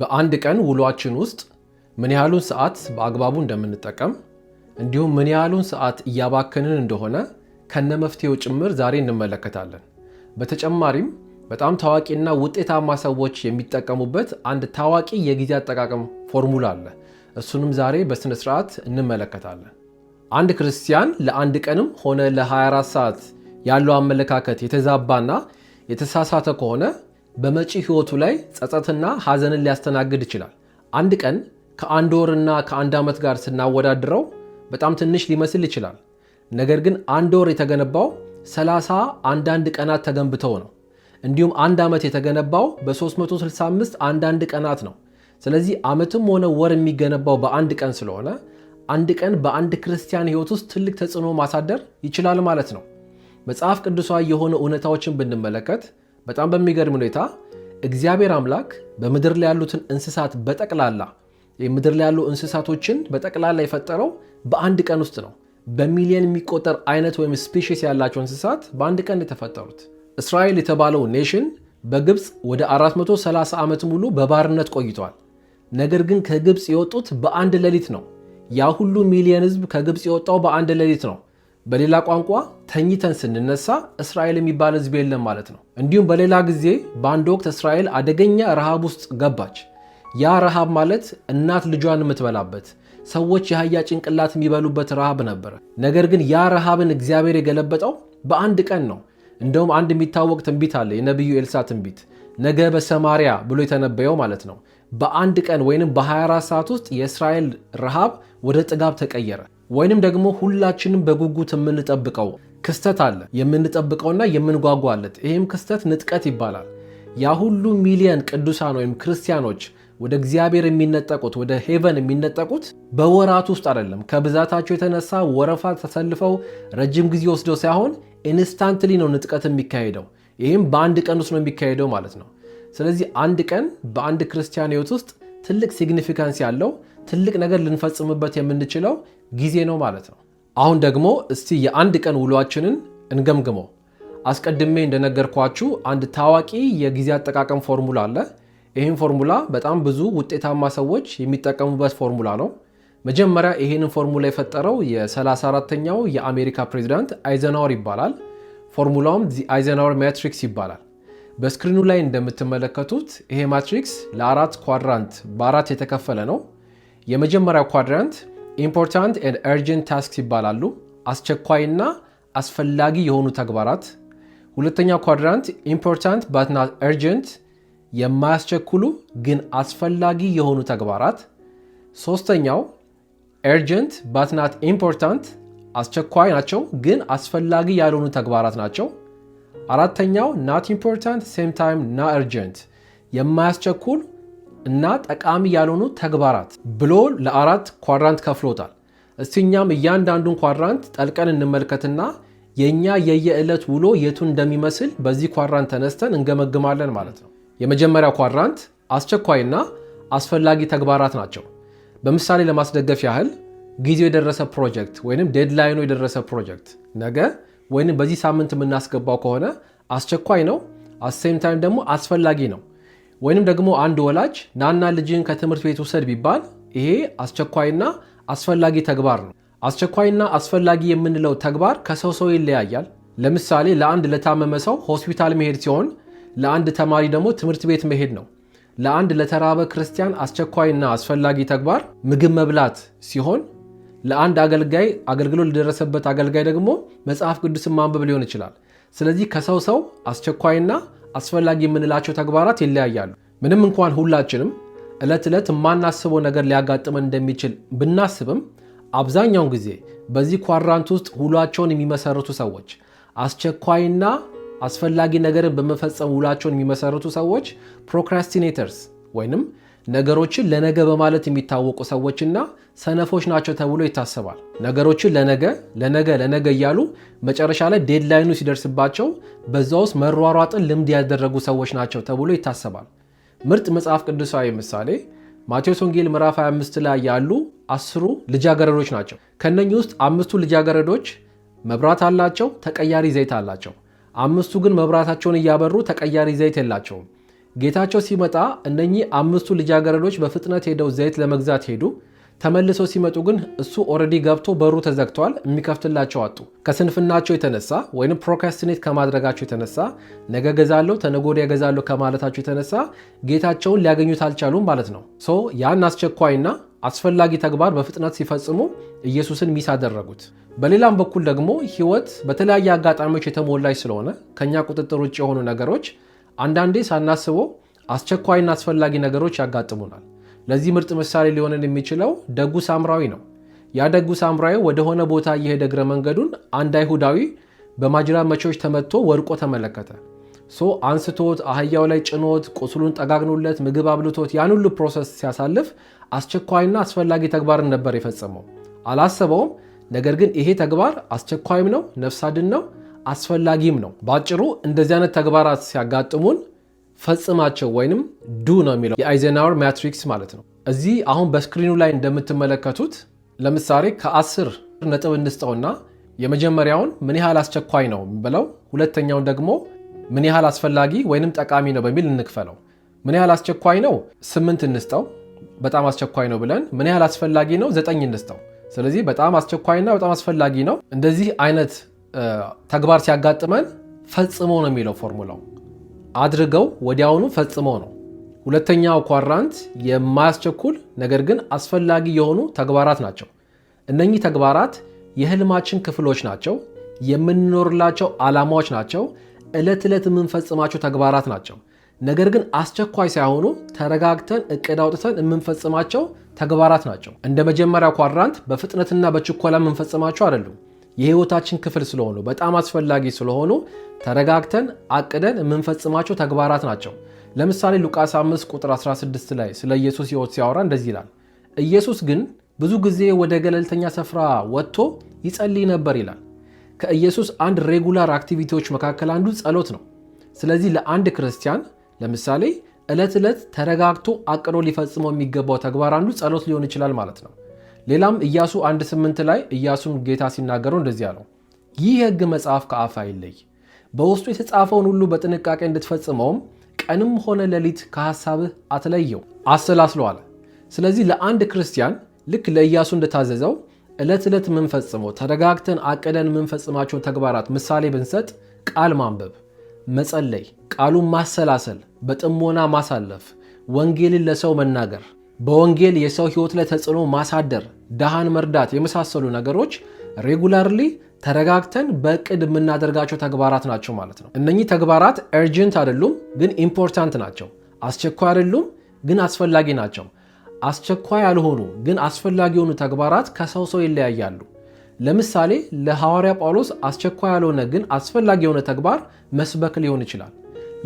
በአንድ ቀን ውሏችን ውስጥ ምን ያህሉን ሰዓት በአግባቡ እንደምንጠቀም እንዲሁም ምን ያህሉን ሰዓት እያባከንን እንደሆነ ከነ መፍትሄው ጭምር ዛሬ እንመለከታለን። በተጨማሪም በጣም ታዋቂና ውጤታማ ሰዎች የሚጠቀሙበት አንድ ታዋቂ የጊዜ አጠቃቀም ፎርሙላ አለ። እሱንም ዛሬ በሥነ ሥርዓት እንመለከታለን። አንድ ክርስቲያን ለአንድ ቀንም ሆነ ለ24 ሰዓት ያለው አመለካከት የተዛባና የተሳሳተ ከሆነ በመጪ ህይወቱ ላይ ጸጸትና ሐዘንን ሊያስተናግድ ይችላል። አንድ ቀን ከአንድ ወርና ከአንድ ዓመት ጋር ስናወዳድረው በጣም ትንሽ ሊመስል ይችላል። ነገር ግን አንድ ወር የተገነባው 30 አንዳንድ ቀናት ተገንብተው ነው። እንዲሁም አንድ ዓመት የተገነባው በ365 አንዳንድ ቀናት ነው። ስለዚህ ዓመትም ሆነ ወር የሚገነባው በአንድ ቀን ስለሆነ አንድ ቀን በአንድ ክርስቲያን ህይወት ውስጥ ትልቅ ተጽዕኖ ማሳደር ይችላል ማለት ነው። መጽሐፍ ቅዱሳዊ የሆኑ እውነታዎችን ብንመለከት በጣም በሚገርም ሁኔታ እግዚአብሔር አምላክ በምድር ላይ ያሉትን እንስሳት በጠቅላላ ምድር ላይ ያሉ እንስሳቶችን በጠቅላላ የፈጠረው በአንድ ቀን ውስጥ ነው። በሚሊየን የሚቆጠር አይነት ወይም ስፔሽስ ያላቸው እንስሳት በአንድ ቀን የተፈጠሩት። እስራኤል የተባለው ኔሽን በግብፅ ወደ 430 ዓመት ሙሉ በባርነት ቆይቷል። ነገር ግን ከግብፅ የወጡት በአንድ ሌሊት ነው። ያ ሁሉ ሚሊየን ህዝብ ከግብፅ የወጣው በአንድ ሌሊት ነው። በሌላ ቋንቋ ተኝተን ስንነሳ እስራኤል የሚባል ህዝብ የለም ማለት ነው። እንዲሁም በሌላ ጊዜ በአንድ ወቅት እስራኤል አደገኛ ረሃብ ውስጥ ገባች። ያ ረሃብ ማለት እናት ልጇን የምትበላበት ሰዎች የአህያ ጭንቅላት የሚበሉበት ረሃብ ነበር ነገር ግን ያ ረሃብን እግዚአብሔር የገለበጠው በአንድ ቀን ነው። እንደውም አንድ የሚታወቅ ትንቢት አለ፣ የነቢዩ ኤልሳ ትንቢት ነገ በሰማሪያ ብሎ የተነበየው ማለት ነው። በአንድ ቀን ወይንም በ24 ሰዓት ውስጥ የእስራኤል ረሃብ ወደ ጥጋብ ተቀየረ። ወይንም ደግሞ ሁላችንም በጉጉት የምንጠብቀው ክስተት አለ የምንጠብቀውና የምንጓጓለት። ይህም ክስተት ንጥቀት ይባላል። ያ ሁሉ ሚሊየን ቅዱሳን ወይም ክርስቲያኖች ወደ እግዚአብሔር የሚነጠቁት ወደ ሄቨን የሚነጠቁት በወራት ውስጥ አይደለም። ከብዛታቸው የተነሳ ወረፋ ተሰልፈው ረጅም ጊዜ ወስደው ሳይሆን ኢንስታንትሊ ነው ንጥቀት የሚካሄደው። ይህም በአንድ ቀን ውስጥ ነው የሚካሄደው ማለት ነው። ስለዚህ አንድ ቀን በአንድ ክርስቲያን ህይወት ውስጥ ትልቅ ሲግኒፊካንስ ያለው ትልቅ ነገር ልንፈጽምበት የምንችለው ጊዜ ነው ማለት ነው። አሁን ደግሞ እስቲ የአንድ ቀን ውሏችንን እንገምግመው። አስቀድሜ እንደነገርኳችሁ አንድ ታዋቂ የጊዜ አጠቃቀም ፎርሙላ አለ። ይህን ፎርሙላ በጣም ብዙ ውጤታማ ሰዎች የሚጠቀሙበት ፎርሙላ ነው። መጀመሪያ ይህንን ፎርሙላ የፈጠረው የ34ተኛው የአሜሪካ ፕሬዚዳንት አይዘናወር ይባላል። ፎርሙላውም አይዘናወር ሜትሪክስ ይባላል። በስክሪኑ ላይ እንደምትመለከቱት ይሄ ማትሪክስ ለአራት ኳድራንት በአራት የተከፈለ ነው። የመጀመሪያው ኳድራንት ኢምፖርታንት ኤንድ እርጀንት ታስክስ ይባላሉ። አስቸኳይና አስፈላጊ የሆኑ ተግባራት። ሁለተኛ ኳድራንት ኢምፖርታንት ባት ናት እርጀንት፣ የማያስቸኩሉ ግን አስፈላጊ የሆኑ ተግባራት። ሶስተኛው እርጀንት ባት ናት ኢምፖርታንት፣ አስቸኳይ ናቸው ግን አስፈላጊ ያልሆኑ ተግባራት ናቸው። አራተኛው ናት ኢምፖርታንት ሴም ታይም ና እርጀንት፣ የማያስቸኩል እና ጠቃሚ ያልሆኑ ተግባራት ብሎ ለአራት ኳድራንት ከፍሎታል። እስቲ እኛም እያንዳንዱን ኳድራንት ጠልቀን እንመልከትና የእኛ የየዕለት ውሎ የቱ እንደሚመስል በዚህ ኳድራንት ተነስተን እንገመግማለን ማለት ነው። የመጀመሪያው ኳድራንት አስቸኳይና አስፈላጊ ተግባራት ናቸው። በምሳሌ ለማስደገፍ ያህል ጊዜው የደረሰ ፕሮጀክት ወይም ዴድላይኑ የደረሰ ፕሮጀክት ነገ ወይም በዚህ ሳምንት የምናስገባው ከሆነ አስቸኳይ ነው፣ አሴም ታይም ደግሞ አስፈላጊ ነው። ወይንም ደግሞ አንድ ወላጅ ናና ልጅን ከትምህርት ቤት ውሰድ ቢባል ይሄ አስቸኳይና አስፈላጊ ተግባር ነው። አስቸኳይና አስፈላጊ የምንለው ተግባር ከሰው ሰው ይለያያል። ለምሳሌ ለአንድ ለታመመ ሰው ሆስፒታል መሄድ ሲሆን፣ ለአንድ ተማሪ ደግሞ ትምህርት ቤት መሄድ ነው። ለአንድ ለተራበ ክርስቲያን አስቸኳይና አስፈላጊ ተግባር ምግብ መብላት ሲሆን፣ ለአንድ አገልጋይ አገልግሎት ለደረሰበት አገልጋይ ደግሞ መጽሐፍ ቅዱስን ማንበብ ሊሆን ይችላል። ስለዚህ ከሰው ሰው አስቸኳይና አስፈላጊ የምንላቸው ተግባራት ይለያያሉ። ምንም እንኳን ሁላችንም ዕለት ዕለት የማናስበው ነገር ሊያጋጥመን እንደሚችል ብናስብም አብዛኛውን ጊዜ በዚህ ኳድራንት ውስጥ ውሏቸውን የሚመሰርቱ ሰዎች አስቸኳይና አስፈላጊ ነገርን በመፈጸም ውሏቸውን የሚመሰርቱ ሰዎች ፕሮክራስቲኔተርስ ወይንም ነገሮችን ለነገ በማለት የሚታወቁ ሰዎችና ሰነፎች ናቸው ተብሎ ይታሰባል። ነገሮችን ለነገ ለነገ ለነገ እያሉ መጨረሻ ላይ ዴድላይኑ ሲደርስባቸው በዛ ውስጥ መሯሯጥን ልምድ ያደረጉ ሰዎች ናቸው ተብሎ ይታሰባል። ምርጥ መጽሐፍ ቅዱሳዊ ምሳሌ ማቴዎስ ወንጌል ምዕራፍ 25 ላይ ያሉ አስሩ ልጃገረዶች ናቸው። ከነኚህ ውስጥ አምስቱ ልጃገረዶች መብራት አላቸው፣ ተቀያሪ ዘይት አላቸው። አምስቱ ግን መብራታቸውን እያበሩ ተቀያሪ ዘይት የላቸውም። ጌታቸው ሲመጣ እነኚህ አምስቱ ልጃገረዶች በፍጥነት ሄደው ዘይት ለመግዛት ሄዱ። ተመልሰው ሲመጡ ግን እሱ ኦልሬዲ ገብቶ በሩ ተዘግተዋል የሚከፍትላቸው አጡ። ከስንፍናቸው የተነሳ ወይም ፕሮካስቲኔት ከማድረጋቸው የተነሳ ነገ ገዛለሁ ተነጎዳ ገዛለሁ ከማለታቸው የተነሳ ጌታቸውን ሊያገኙት አልቻሉም ማለት ነው። ሶ ያን አስቸኳይና አስፈላጊ ተግባር በፍጥነት ሲፈጽሙ ኢየሱስን ሚስ አደረጉት። በሌላም በኩል ደግሞ ህይወት በተለያየ አጋጣሚዎች የተሞላች ስለሆነ ከእኛ ቁጥጥር ውጭ የሆኑ ነገሮች አንዳንዴ ሳናስበው አስቸኳይና አስፈላጊ ነገሮች ያጋጥሙናል። ለዚህ ምርጥ ምሳሌ ሊሆንን የሚችለው ደጉ ሳምራዊ ነው። ያ ደጉ ሳምራዊ ወደሆነ ቦታ እየሄደ እግረ መንገዱን አንድ አይሁዳዊ በማጅራ መቼዎች ተመትቶ ወድቆ ተመለከተ። ሶ አንስቶት አህያው ላይ ጭኖት ቁስሉን ጠጋግኖለት ምግብ አብልቶት ያን ሁሉ ፕሮሰስ ሲያሳልፍ አስቸኳይና አስፈላጊ ተግባርን ነበር የፈጸመው። አላሰበውም። ነገር ግን ይሄ ተግባር አስቸኳይም ነው፣ ነፍስ አድን ነው አስፈላጊም ነው። በአጭሩ እንደዚህ አይነት ተግባራት ሲያጋጥሙን ፈጽማቸው ወይንም ዱ ነው የሚለው የአይዘናወር ማትሪክስ ማለት ነው። እዚህ አሁን በስክሪኑ ላይ እንደምትመለከቱት ለምሳሌ ከአስር ነጥብ እንስጠውና የመጀመሪያውን ምን ያህል አስቸኳይ ነው ብለው ሁለተኛውን ደግሞ ምን ያህል አስፈላጊ ወይንም ጠቃሚ ነው በሚል እንክፈለው። ምን ያህል አስቸኳይ ነው ስምንት እንስጠው፣ በጣም አስቸኳይ ነው ብለን ምን ያህል አስፈላጊ ነው ዘጠኝ እንስጠው። ስለዚህ በጣም አስቸኳይና በጣም አስፈላጊ ነው እንደዚህ አይነት ተግባር ሲያጋጥመን ፈጽሞ ነው የሚለው ፎርሙላው። አድርገው ወዲያውኑ ፈጽመው ነው። ሁለተኛው ኳራንት የማያስቸኩል ነገር ግን አስፈላጊ የሆኑ ተግባራት ናቸው። እነኚህ ተግባራት የህልማችን ክፍሎች ናቸው፣ የምንኖርላቸው ዓላማዎች ናቸው፣ ዕለት ዕለት የምንፈጽማቸው ተግባራት ናቸው። ነገር ግን አስቸኳይ ሳይሆኑ ተረጋግተን እቅድ አውጥተን የምንፈጽማቸው ተግባራት ናቸው። እንደ መጀመሪያው ኳራንት በፍጥነትና በችኮላ የምንፈጽማቸው አይደሉም። የህይወታችን ክፍል ስለሆኑ በጣም አስፈላጊ ስለሆኑ ተረጋግተን አቅደን የምንፈጽማቸው ተግባራት ናቸው። ለምሳሌ ሉቃስ 5 ቁጥር 16 ላይ ስለ ኢየሱስ ህይወት ሲያወራ እንደዚህ ይላል፣ ኢየሱስ ግን ብዙ ጊዜ ወደ ገለልተኛ ስፍራ ወጥቶ ይጸልይ ነበር ይላል። ከኢየሱስ አንድ ሬጉላር አክቲቪቲዎች መካከል አንዱ ጸሎት ነው። ስለዚህ ለአንድ ክርስቲያን ለምሳሌ ዕለት ዕለት ተረጋግቶ አቅዶ ሊፈጽመው የሚገባው ተግባር አንዱ ጸሎት ሊሆን ይችላል ማለት ነው። ሌላም ኢያሱ 1:8 ላይ ኢያሱም ጌታ ሲናገረው እንደዚህ አለው፣ ይህ የሕግ መጽሐፍ ከአፍ አይለይ፣ በውስጡ የተጻፈውን ሁሉ በጥንቃቄ እንድትፈጽመውም ቀንም ሆነ ሌሊት ከሐሳብህ አትለየው፣ አሰላስሎ ስለዚህ ለአንድ ክርስቲያን ልክ ለኢያሱ እንደታዘዘው ዕለት ዕለት የምንፈጽመው ተረጋግተን አቅደን የምንፈጽማቸውን ተግባራት ምሳሌ ብንሰጥ ቃል ማንበብ፣ መጸለይ፣ ቃሉን ማሰላሰል፣ በጥሞና ማሳለፍ፣ ወንጌልን ለሰው መናገር በወንጌል የሰው ህይወት ላይ ተጽዕኖ ማሳደር፣ ድሃን መርዳት የመሳሰሉ ነገሮች ሬጉላርሊ ተረጋግተን በእቅድ የምናደርጋቸው ተግባራት ናቸው ማለት ነው። እነኚህ ተግባራት እርጀንት አይደሉም፣ ግን ኢምፖርታንት ናቸው። አስቸኳይ አይደሉም፣ ግን አስፈላጊ ናቸው። አስቸኳይ ያልሆኑ ግን አስፈላጊ የሆኑ ተግባራት ከሰው ሰው ይለያያሉ። ለምሳሌ ለሐዋርያ ጳውሎስ አስቸኳይ ያልሆነ ግን አስፈላጊ የሆነ ተግባር መስበክ ሊሆን ይችላል።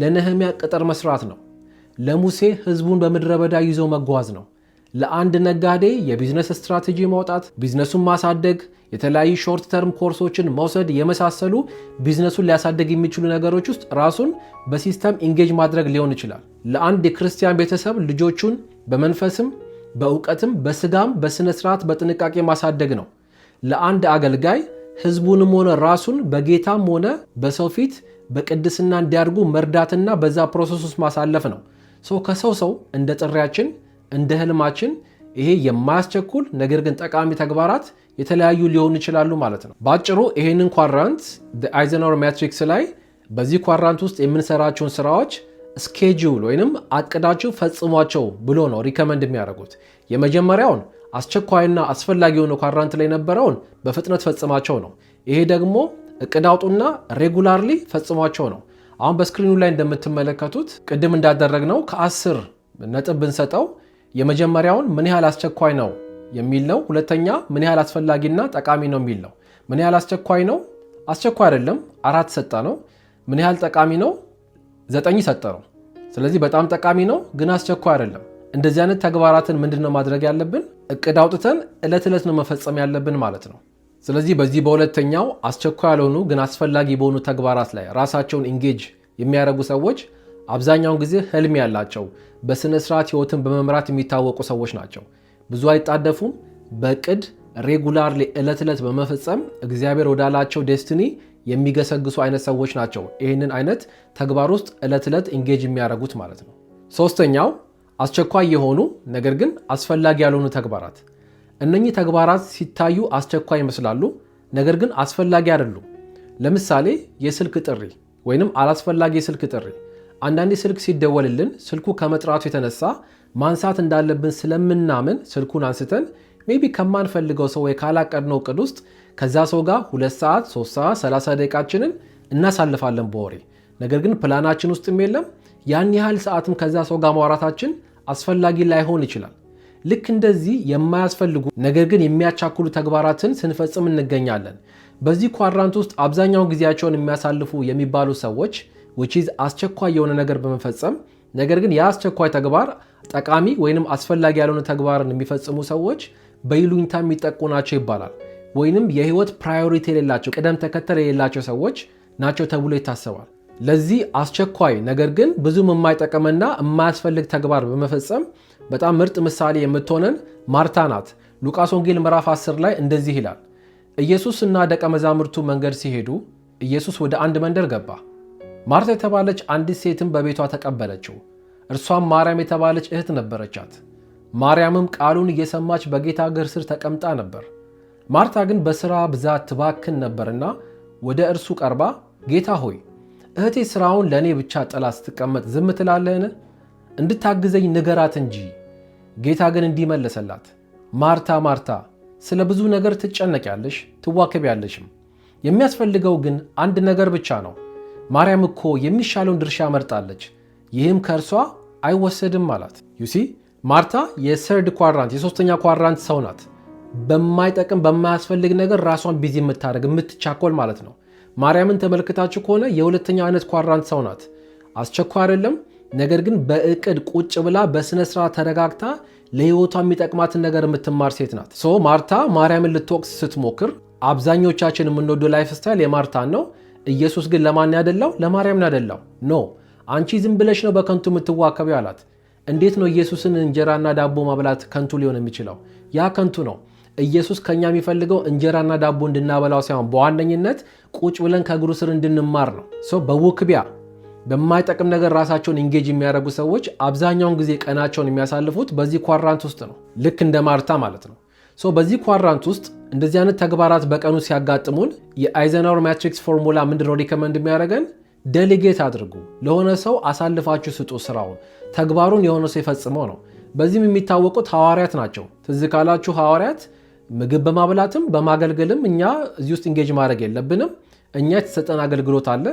ለነህሚያ ቅጥር መስራት ነው። ለሙሴ ህዝቡን በምድረ በዳ ይዞ መጓዝ ነው። ለአንድ ነጋዴ የቢዝነስ ስትራቴጂ ማውጣት፣ ቢዝነሱን ማሳደግ፣ የተለያዩ ሾርት ተርም ኮርሶችን መውሰድ የመሳሰሉ ቢዝነሱን ሊያሳደግ የሚችሉ ነገሮች ውስጥ ራሱን በሲስተም ኢንጌጅ ማድረግ ሊሆን ይችላል። ለአንድ የክርስቲያን ቤተሰብ ልጆቹን በመንፈስም በእውቀትም በስጋም በሥነ ሥርዓት በጥንቃቄ ማሳደግ ነው። ለአንድ አገልጋይ ህዝቡንም ሆነ ራሱን በጌታም ሆነ በሰው ፊት በቅድስና እንዲያድጉ መርዳትና በዛ ፕሮሰስ ውስጥ ማሳለፍ ነው። ሰው ከሰው ሰው እንደ ጥሪያችን እንደ ህልማችን ይሄ የማያስቸኩል ነገር ግን ጠቃሚ ተግባራት የተለያዩ ሊሆኑ ይችላሉ ማለት ነው። በአጭሩ ይሄንን ኳድራንት አይዘናወር ሜትሪክስ ላይ በዚህ ኳድራንት ውስጥ የምንሰራቸውን ስራዎች ስኬጁል ወይንም አቅዳችሁ ፈጽሟቸው ብሎ ነው ሪከመንድ የሚያደርጉት። የመጀመሪያውን አስቸኳይና አስፈላጊ የሆነ ኳድራንት ላይ የነበረውን በፍጥነት ፈጽማቸው ነው። ይሄ ደግሞ እቅድ አውጡና ሬጉላርሊ ፈጽሟቸው ነው። አሁን በስክሪኑ ላይ እንደምትመለከቱት ቅድም እንዳደረግነው ከአስር ነጥብ ብንሰጠው የመጀመሪያውን ምን ያህል አስቸኳይ ነው የሚል ነው። ሁለተኛ ምን ያህል አስፈላጊና ጠቃሚ ነው የሚል ነው። ምን ያህል አስቸኳይ ነው? አስቸኳይ አይደለም አራት ሰጠ ነው። ምን ያህል ጠቃሚ ነው? ዘጠኝ ሰጠ ነው። ስለዚህ በጣም ጠቃሚ ነው ግን አስቸኳይ አይደለም። እንደዚህ አይነት ተግባራትን ምንድን ነው ማድረግ ያለብን? እቅድ አውጥተን ዕለት ዕለት ነው መፈጸም ያለብን ማለት ነው። ስለዚህ በዚህ በሁለተኛው አስቸኳይ ያልሆኑ ግን አስፈላጊ በሆኑ ተግባራት ላይ ራሳቸውን ኢንጌጅ የሚያደርጉ ሰዎች አብዛኛውን ጊዜ ህልም ያላቸው በስነ ስርዓት ህይወትን በመምራት የሚታወቁ ሰዎች ናቸው። ብዙ አይጣደፉም። በቅድ ሬጉላርሊ እለት ዕለት በመፈጸም እግዚአብሔር ወዳላቸው ዴስቲኒ የሚገሰግሱ አይነት ሰዎች ናቸው። ይህንን አይነት ተግባር ውስጥ እለት ዕለት ኢንጌጅ የሚያደርጉት ማለት ነው። ሶስተኛው አስቸኳይ የሆኑ ነገር ግን አስፈላጊ ያልሆኑ ተግባራት እነኚህ ተግባራት ሲታዩ አስቸኳይ ይመስላሉ፣ ነገር ግን አስፈላጊ አይደሉም። ለምሳሌ የስልክ ጥሪ ወይንም አላስፈላጊ የስልክ ጥሪ። አንዳንዴ ስልክ ሲደወልልን ስልኩ ከመጥራቱ የተነሳ ማንሳት እንዳለብን ስለምናምን ስልኩን አንስተን ሜቢ ከማንፈልገው ሰው ወይ ካላቀድነው እቅድ ውስጥ ከዛ ሰው ጋር ሁለት ሰዓት ሶስት ሰዓት 30 ደቂቃችንን እናሳልፋለን በወሬ ነገር ግን ፕላናችን ውስጥም የለም። ያን ያህል ሰዓትም ከዛ ሰው ጋር ማውራታችን አስፈላጊ ላይሆን ይችላል። ልክ እንደዚህ የማያስፈልጉ ነገር ግን የሚያቻክሉ ተግባራትን ስንፈጽም እንገኛለን። በዚህ ኳድራንት ውስጥ አብዛኛውን ጊዜያቸውን የሚያሳልፉ የሚባሉ ሰዎች ዊችዝ አስቸኳይ የሆነ ነገር በመፈጸም ነገር ግን የአስቸኳይ ተግባር ጠቃሚ ወይንም አስፈላጊ ያልሆነ ተግባርን የሚፈጽሙ ሰዎች በይሉኝታ የሚጠቁ ናቸው ይባላል። ወይንም የህይወት ፕራዮሪቲ የሌላቸው ቅደም ተከተል የሌላቸው ሰዎች ናቸው ተብሎ ይታሰባል። ለዚህ አስቸኳይ ነገር ግን ብዙም የማይጠቅምና የማያስፈልግ ተግባር በመፈጸም በጣም ምርጥ ምሳሌ የምትሆነን ማርታ ናት። ሉቃስ ወንጌል ምዕራፍ 10 ላይ እንደዚህ ይላል፣ ኢየሱስ እና ደቀ መዛሙርቱ መንገድ ሲሄዱ ኢየሱስ ወደ አንድ መንደር ገባ። ማርታ የተባለች አንዲት ሴትም በቤቷ ተቀበለችው። እርሷም ማርያም የተባለች እህት ነበረቻት። ማርያምም ቃሉን እየሰማች በጌታ እግር ስር ተቀምጣ ነበር። ማርታ ግን በሥራ ብዛት ትባክን ነበርና ወደ እርሱ ቀርባ ጌታ ሆይ እህቴ ሥራውን ለእኔ ብቻ ጥላ ስትቀመጥ ዝም ትላለህን? እንድታግዘኝ ንገራት እንጂ። ጌታ ግን እንዲመለሰላት ማርታ ማርታ፣ ስለ ብዙ ነገር ትጨነቂያለሽ ትዋከቢያለሽም፣ የሚያስፈልገው ግን አንድ ነገር ብቻ ነው። ማርያም እኮ የሚሻለውን ድርሻ መርጣለች፣ ይህም ከእርሷ አይወሰድም አላት። ዩሲ ማርታ የሰርድ ኳድራንት የሶስተኛ ኳድራንት ሰው ናት። በማይጠቅም በማያስፈልግ ነገር ራሷን ቢዚ የምታደርግ የምትቻኮል ማለት ነው። ማርያምን ተመልክታችሁ ከሆነ የሁለተኛ አይነት ኳድራንት ሰው ናት። አስቸኳይ አይደለም ነገር ግን በእቅድ ቁጭ ብላ በስነ ተረጋግታ ለህይወቷ የሚጠቅማትን ነገር የምትማር ሴት ናት። ሶ ማርታ ማርያምን ልትወቅስ ስትሞክር አብዛኞቻችን የምንወደው ላይፍ ስታይል የማርታን ነው። ኢየሱስ ግን ለማን ያደላው? ለማርያም ነው ያደላው። ኖ አንቺ ዝም ብለሽ ነው በከንቱ የምትዋከቢው አላት። እንዴት ነው ኢየሱስን እንጀራና ዳቦ ማብላት ከንቱ ሊሆን የሚችለው? ያ ከንቱ ነው። ኢየሱስ ከኛ የሚፈልገው እንጀራና ዳቦ እንድናበላው ሳይሆን በዋነኝነት ቁጭ ብለን ከእግሩ ስር እንድንማር ነው። በውክቢያ በማይጠቅም ነገር ራሳቸውን ኢንጌጅ የሚያደርጉ ሰዎች አብዛኛውን ጊዜ ቀናቸውን የሚያሳልፉት በዚህ ኳራንት ውስጥ ነው። ልክ እንደ ማርታ ማለት ነው። ሶ በዚህ ኳራንት ውስጥ እንደዚህ አይነት ተግባራት በቀኑ ሲያጋጥሙን የአይዘናወር ማትሪክስ ፎርሙላ ምንድነው ሪከመንድ የሚያደርገን? ደሊጌት አድርጉ። ለሆነ ሰው አሳልፋችሁ ስጡ። ስራውን ተግባሩን የሆነ ሰው የፈጽመው ነው። በዚህም የሚታወቁት ሐዋርያት ናቸው። ትዝ ካላችሁ ሐዋርያት ምግብ በማብላትም በማገልገልም እኛ እዚህ ውስጥ ኢንጌጅ ማድረግ የለብንም። እኛ የተሰጠን አገልግሎት አለ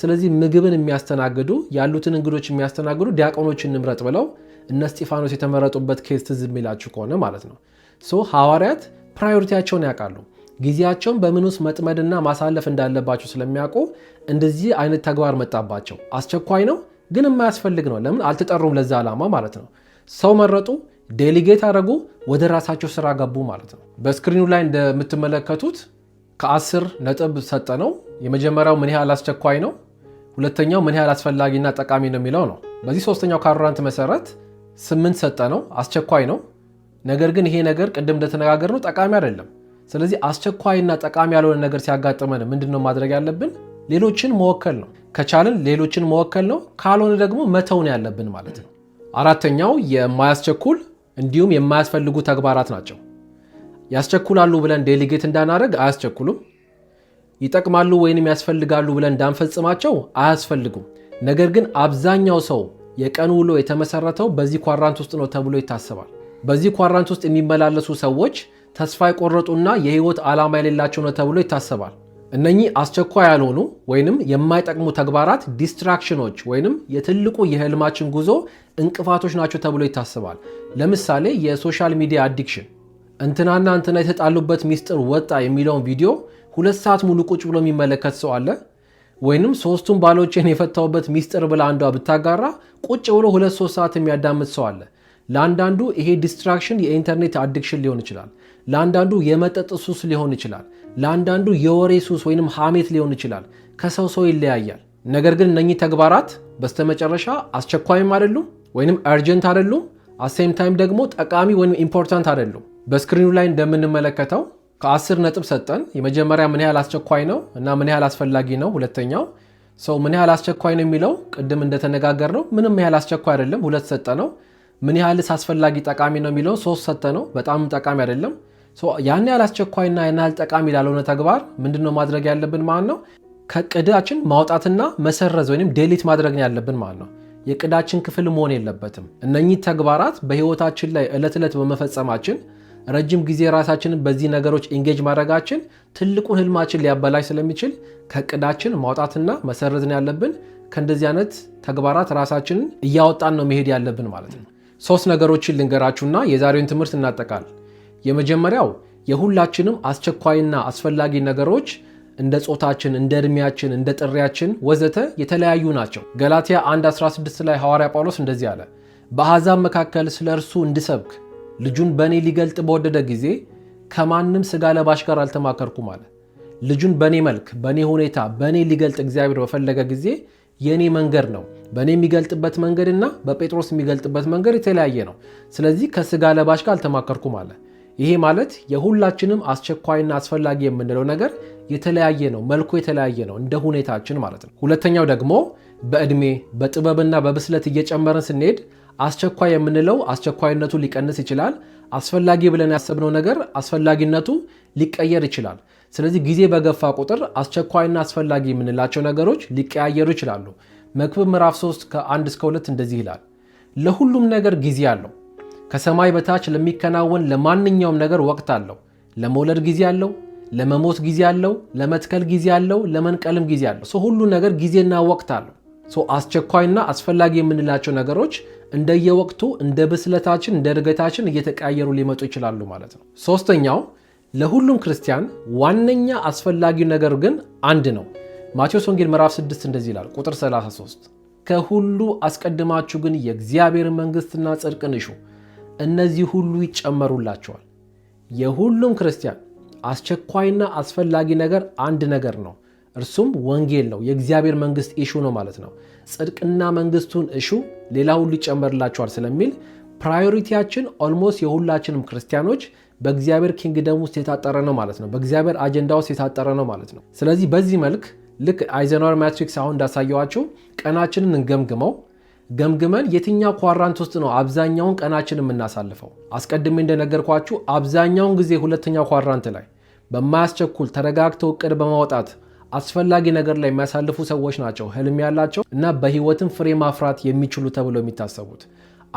ስለዚህ ምግብን የሚያስተናግዱ ያሉትን እንግዶች የሚያስተናግዱ ዲያቆኖችን እንምረጥ ብለው እነ እስጢፋኖስ የተመረጡበት ኬስ ትዝ የሚላችሁ ከሆነ ማለት ነው። ሶ ሐዋርያት ፕራዮሪቲያቸውን ያውቃሉ። ጊዜያቸውን በምን ውስጥ መጥመድና ማሳለፍ እንዳለባቸው ስለሚያውቁ እንደዚህ አይነት ተግባር መጣባቸው። አስቸኳይ ነው ግን የማያስፈልግ ነው። ለምን አልተጠሩም ለዛ ዓላማ ማለት ነው። ሰው መረጡ፣ ዴሊጌት አደረጉ፣ ወደ ራሳቸው ስራ ገቡ ማለት ነው። በስክሪኑ ላይ እንደምትመለከቱት ከአስር ነጥብ ሰጠ ነው። የመጀመሪያው ምን ያህል አስቸኳይ ነው ሁለተኛው ምን ያህል አስፈላጊና ጠቃሚ ነው የሚለው ነው። በዚህ ሶስተኛው ካሮራንት መሰረት ስምንት ሰጠ ነው፣ አስቸኳይ ነው። ነገር ግን ይሄ ነገር ቅድም እንደተነጋገር ነው ጠቃሚ አይደለም። ስለዚህ አስቸኳይና ጠቃሚ ያልሆነ ነገር ሲያጋጥመን ምንድን ነው ማድረግ ያለብን? ሌሎችን መወከል ነው። ከቻልን ሌሎችን መወከል ነው፣ ካልሆነ ደግሞ መተው ነው ያለብን ማለት ነው። አራተኛው የማያስቸኩል እንዲሁም የማያስፈልጉ ተግባራት ናቸው። ያስቸኩላሉ ብለን ዴሊጌት እንዳናደርግ አያስቸኩሉም ይጠቅማሉ ወይንም ያስፈልጋሉ ብለን እንዳንፈጽማቸው አያስፈልጉም። ነገር ግን አብዛኛው ሰው የቀን ውሎ የተመሰረተው በዚህ ኳራንት ውስጥ ነው ተብሎ ይታሰባል። በዚህ ኳራንት ውስጥ የሚመላለሱ ሰዎች ተስፋ የቆረጡና የህይወት ዓላማ የሌላቸው ነው ተብሎ ይታሰባል። እነኚህ አስቸኳይ ያልሆኑ ወይንም የማይጠቅሙ ተግባራት ዲስትራክሽኖች ወይንም የትልቁ የህልማችን ጉዞ እንቅፋቶች ናቸው ተብሎ ይታሰባል። ለምሳሌ የሶሻል ሚዲያ አዲክሽን፣ እንትናና እንትና የተጣሉበት ሚስጥር ወጣ የሚለውን ቪዲዮ ሁለት ሰዓት ሙሉ ቁጭ ብሎ የሚመለከት ሰው አለ ወይንም ሶስቱን ባሎችን የፈታውበት ሚስጥር ብላ አንዷ ብታጋራ ቁጭ ብሎ ሁለት ሶስት ሰዓት የሚያዳምጥ ሰው አለ። ለአንዳንዱ ይሄ ዲስትራክሽን የኢንተርኔት አዲክሽን ሊሆን ይችላል። ለአንዳንዱ የመጠጥ ሱስ ሊሆን ይችላል። ለአንዳንዱ የወሬ ሱስ ወይንም ሐሜት ሊሆን ይችላል። ከሰው ሰው ይለያያል። ነገር ግን እነኚህ ተግባራት በስተመጨረሻ አስቸኳይም አይደሉም ወይንም አርጀንት አይደሉም። አሴም ታይም ደግሞ ጠቃሚ ወይም ኢምፖርታንት አይደሉም። በስክሪኑ ላይ እንደምንመለከተው ከአስር ነጥብ ሰጠን። የመጀመሪያ ምን ያህል አስቸኳይ ነው እና ምን ያህል አስፈላጊ ነው። ሁለተኛው ሰው ምን ያህል አስቸኳይ ነው የሚለው ቅድም እንደተነጋገር ነው ምንም ያህል አስቸኳይ አይደለም፣ ሁለት ሰጠ ነው። ምን ያህልስ አስፈላጊ ጠቃሚ ነው የሚለው ሶስት ሰጠ ነው። በጣም ጠቃሚ አይደለም። ያን ያህል አስቸኳይና ያን ያህል ጠቃሚ ላልሆነ ተግባር ምንድነው ማድረግ ያለብን ማለት ነው ከቅዳችን ማውጣትና መሰረዝ ወይም ዴሊት ማድረግ ያለብን ማለት ነው። የቅዳችን ክፍል መሆን የለበትም። እነኚህ ተግባራት በህይወታችን ላይ ዕለት ዕለት በመፈጸማችን ረጅም ጊዜ ራሳችንን በዚህ ነገሮች ኤንጌጅ ማድረጋችን ትልቁን ህልማችን ሊያበላሽ ስለሚችል ከእቅዳችን ማውጣትና መሰረዝን ያለብን ከእንደዚህ አይነት ተግባራት ራሳችንን እያወጣን ነው መሄድ ያለብን ማለት ነው። ሶስት ነገሮችን ልንገራችሁና የዛሬውን ትምህርት እናጠቃል። የመጀመሪያው የሁላችንም አስቸኳይና አስፈላጊ ነገሮች እንደ ጾታችን፣ እንደ እድሜያችን እንደ ጥሪያችን ወዘተ የተለያዩ ናቸው። ገላትያ 1:16 ላይ ሐዋርያ ጳውሎስ እንደዚህ አለ፣ በአሕዛብ መካከል ስለ እርሱ እንድሰብክ ልጁን በእኔ ሊገልጥ በወደደ ጊዜ ከማንም ስጋ ለባሽ ጋር አልተማከርኩም አለ። ልጁን በእኔ መልክ፣ በእኔ ሁኔታ፣ በእኔ ሊገልጥ እግዚአብሔር በፈለገ ጊዜ የእኔ መንገድ ነው። በእኔ የሚገልጥበት መንገድና በጴጥሮስ የሚገልጥበት መንገድ የተለያየ ነው። ስለዚህ ከስጋ ለባሽ ጋር አልተማከርኩም አለ። ይሄ ማለት የሁላችንም አስቸኳይና አስፈላጊ የምንለው ነገር የተለያየ ነው፣ መልኩ የተለያየ ነው፣ እንደ ሁኔታችን ማለት ነው። ሁለተኛው ደግሞ በዕድሜ በጥበብና በብስለት እየጨመርን ስንሄድ አስቸኳይ የምንለው አስቸኳይነቱ ሊቀንስ ይችላል። አስፈላጊ ብለን ያሰብነው ነገር አስፈላጊነቱ ሊቀየር ይችላል። ስለዚህ ጊዜ በገፋ ቁጥር አስቸኳይና አስፈላጊ የምንላቸው ነገሮች ሊቀያየሩ ይችላሉ። መክብብ ምዕራፍ 3 ከ1 እስከ 2 እንደዚህ ይላል፣ ለሁሉም ነገር ጊዜ አለው። ከሰማይ በታች ለሚከናወን ለማንኛውም ነገር ወቅት አለው። ለመውለድ ጊዜ አለው፣ ለመሞት ጊዜ አለው፣ ለመትከል ጊዜ አለው፣ ለመንቀልም ጊዜ አለው። ሰው ሁሉ ነገር ጊዜና ወቅት አለው። አስቸኳይና አስፈላጊ የምንላቸው ነገሮች እንደየወቅቱ እንደ ብስለታችን እንደ እድገታችን እየተቀያየሩ ሊመጡ ይችላሉ ማለት ነው። ሶስተኛው ለሁሉም ክርስቲያን ዋነኛ አስፈላጊው ነገር ግን አንድ ነው። ማቴዎስ ወንጌል ምዕራፍ 6 እንደዚህ ይላል ቁጥር 33 ከሁሉ አስቀድማችሁ ግን የእግዚአብሔር መንግሥትና ጽድቅን እሹ፣ እነዚህ ሁሉ ይጨመሩላቸዋል። የሁሉም ክርስቲያን አስቸኳይና አስፈላጊ ነገር አንድ ነገር ነው። እርሱም ወንጌል ነው። የእግዚአብሔር መንግስት ኢሹ ነው ማለት ነው። ጽድቅና መንግስቱን እሹ፣ ሌላ ሁሉ ይጨመርላቸዋል ስለሚል ፕራዮሪቲያችን ኦልሞስት የሁላችንም ክርስቲያኖች በእግዚአብሔር ኪንግደም ውስጥ የታጠረ ነው ማለት ነው። በእግዚአብሔር አጀንዳ ውስጥ የታጠረ ነው ማለት ነው። ስለዚህ በዚህ መልክ ልክ አይዘናወር ማትሪክስ አሁን እንዳሳየዋቸው ቀናችንን እንገምግመው። ገምግመን የትኛው ኳራንት ውስጥ ነው አብዛኛውን ቀናችን የምናሳልፈው? አስቀድሜ እንደነገርኳችሁ አብዛኛውን ጊዜ ሁለተኛው ኳራንት ላይ በማያስቸኩል ተረጋግተው እቅድ በማውጣት አስፈላጊ ነገር ላይ የሚያሳልፉ ሰዎች ናቸው ህልም ያላቸው እና በህይወትም ፍሬ ማፍራት የሚችሉ ተብለው የሚታሰቡት።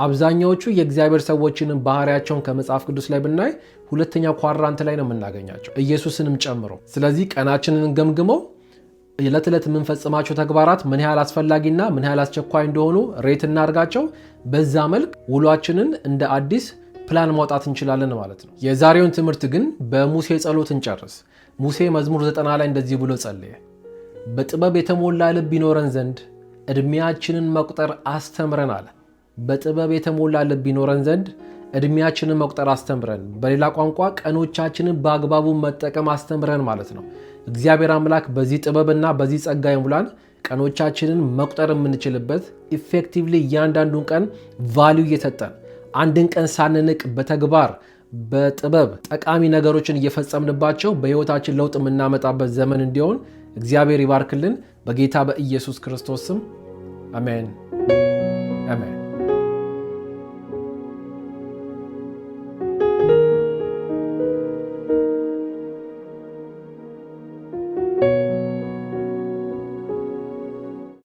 አብዛኛዎቹ የእግዚአብሔር ሰዎችንም ባህሪያቸውን ከመጽሐፍ ቅዱስ ላይ ብናይ ሁለተኛ ኳድራንት ላይ ነው የምናገኛቸው ኢየሱስንም ጨምሮ። ስለዚህ ቀናችንን ገምግመው ዕለት ዕለት የምንፈጽማቸው ተግባራት ምን ያህል አስፈላጊና ምን ያህል አስቸኳይ እንደሆኑ ሬት እናድርጋቸው። በዛ መልክ ውሏችንን እንደ አዲስ ፕላን ማውጣት እንችላለን ማለት ነው። የዛሬውን ትምህርት ግን በሙሴ ጸሎት እንጨርስ። ሙሴ መዝሙር ዘጠና ላይ እንደዚህ ብሎ ጸለየ። በጥበብ የተሞላ ልብ ይኖረን ዘንድ ዕድሜያችንን መቁጠር አስተምረን አለ። በጥበብ የተሞላ ልብ ይኖረን ዘንድ ዕድሜያችንን መቁጠር አስተምረን፣ በሌላ ቋንቋ ቀኖቻችንን በአግባቡ መጠቀም አስተምረን ማለት ነው። እግዚአብሔር አምላክ በዚህ ጥበብና በዚህ ጸጋ ይሙላን፣ ቀኖቻችንን መቁጠር የምንችልበት ኢፌክቲቭሊ እያንዳንዱን ቀን ቫሊዩ እየሰጠን አንድን ቀን ሳንንቅ በተግባር በጥበብ ጠቃሚ ነገሮችን እየፈጸምንባቸው በሕይወታችን ለውጥ የምናመጣበት ዘመን እንዲሆን እግዚአብሔር ይባርክልን። በጌታ በኢየሱስ ክርስቶስ ስም አሜን አሜን።